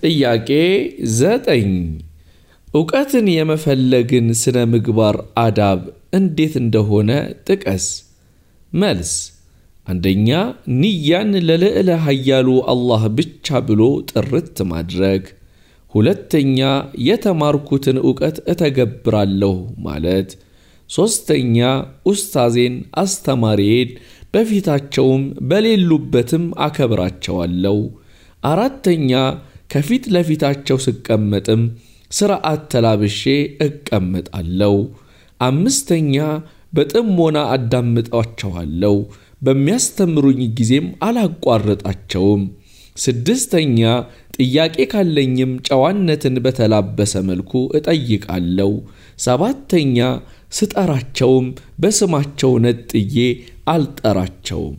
ጥያቄ ዘጠኝ እውቀትን የመፈለግን ስነ ምግባር አዳብ እንዴት እንደሆነ ጥቀስ። መልስ አንደኛ ንያን ለልዕለ ኃያሉ አላህ ብቻ ብሎ ጥርት ማድረግ። ሁለተኛ የተማርኩትን እውቀት እተገብራለሁ ማለት። ሦስተኛ ኡስታዜን አስተማሪዬን በፊታቸውም በሌሉበትም አከብራቸዋለሁ። አራተኛ ከፊት ለፊታቸው ስቀመጥም ስርዓት ተላብሼ እቀመጣለሁ። አምስተኛ በጥሞና አዳምጣቸዋለሁ። በሚያስተምሩኝ ጊዜም አላቋረጣቸውም። ስድስተኛ ጥያቄ ካለኝም ጨዋነትን በተላበሰ መልኩ እጠይቃለሁ። ሰባተኛ ስጠራቸውም በስማቸው ነጥዬ አልጠራቸውም።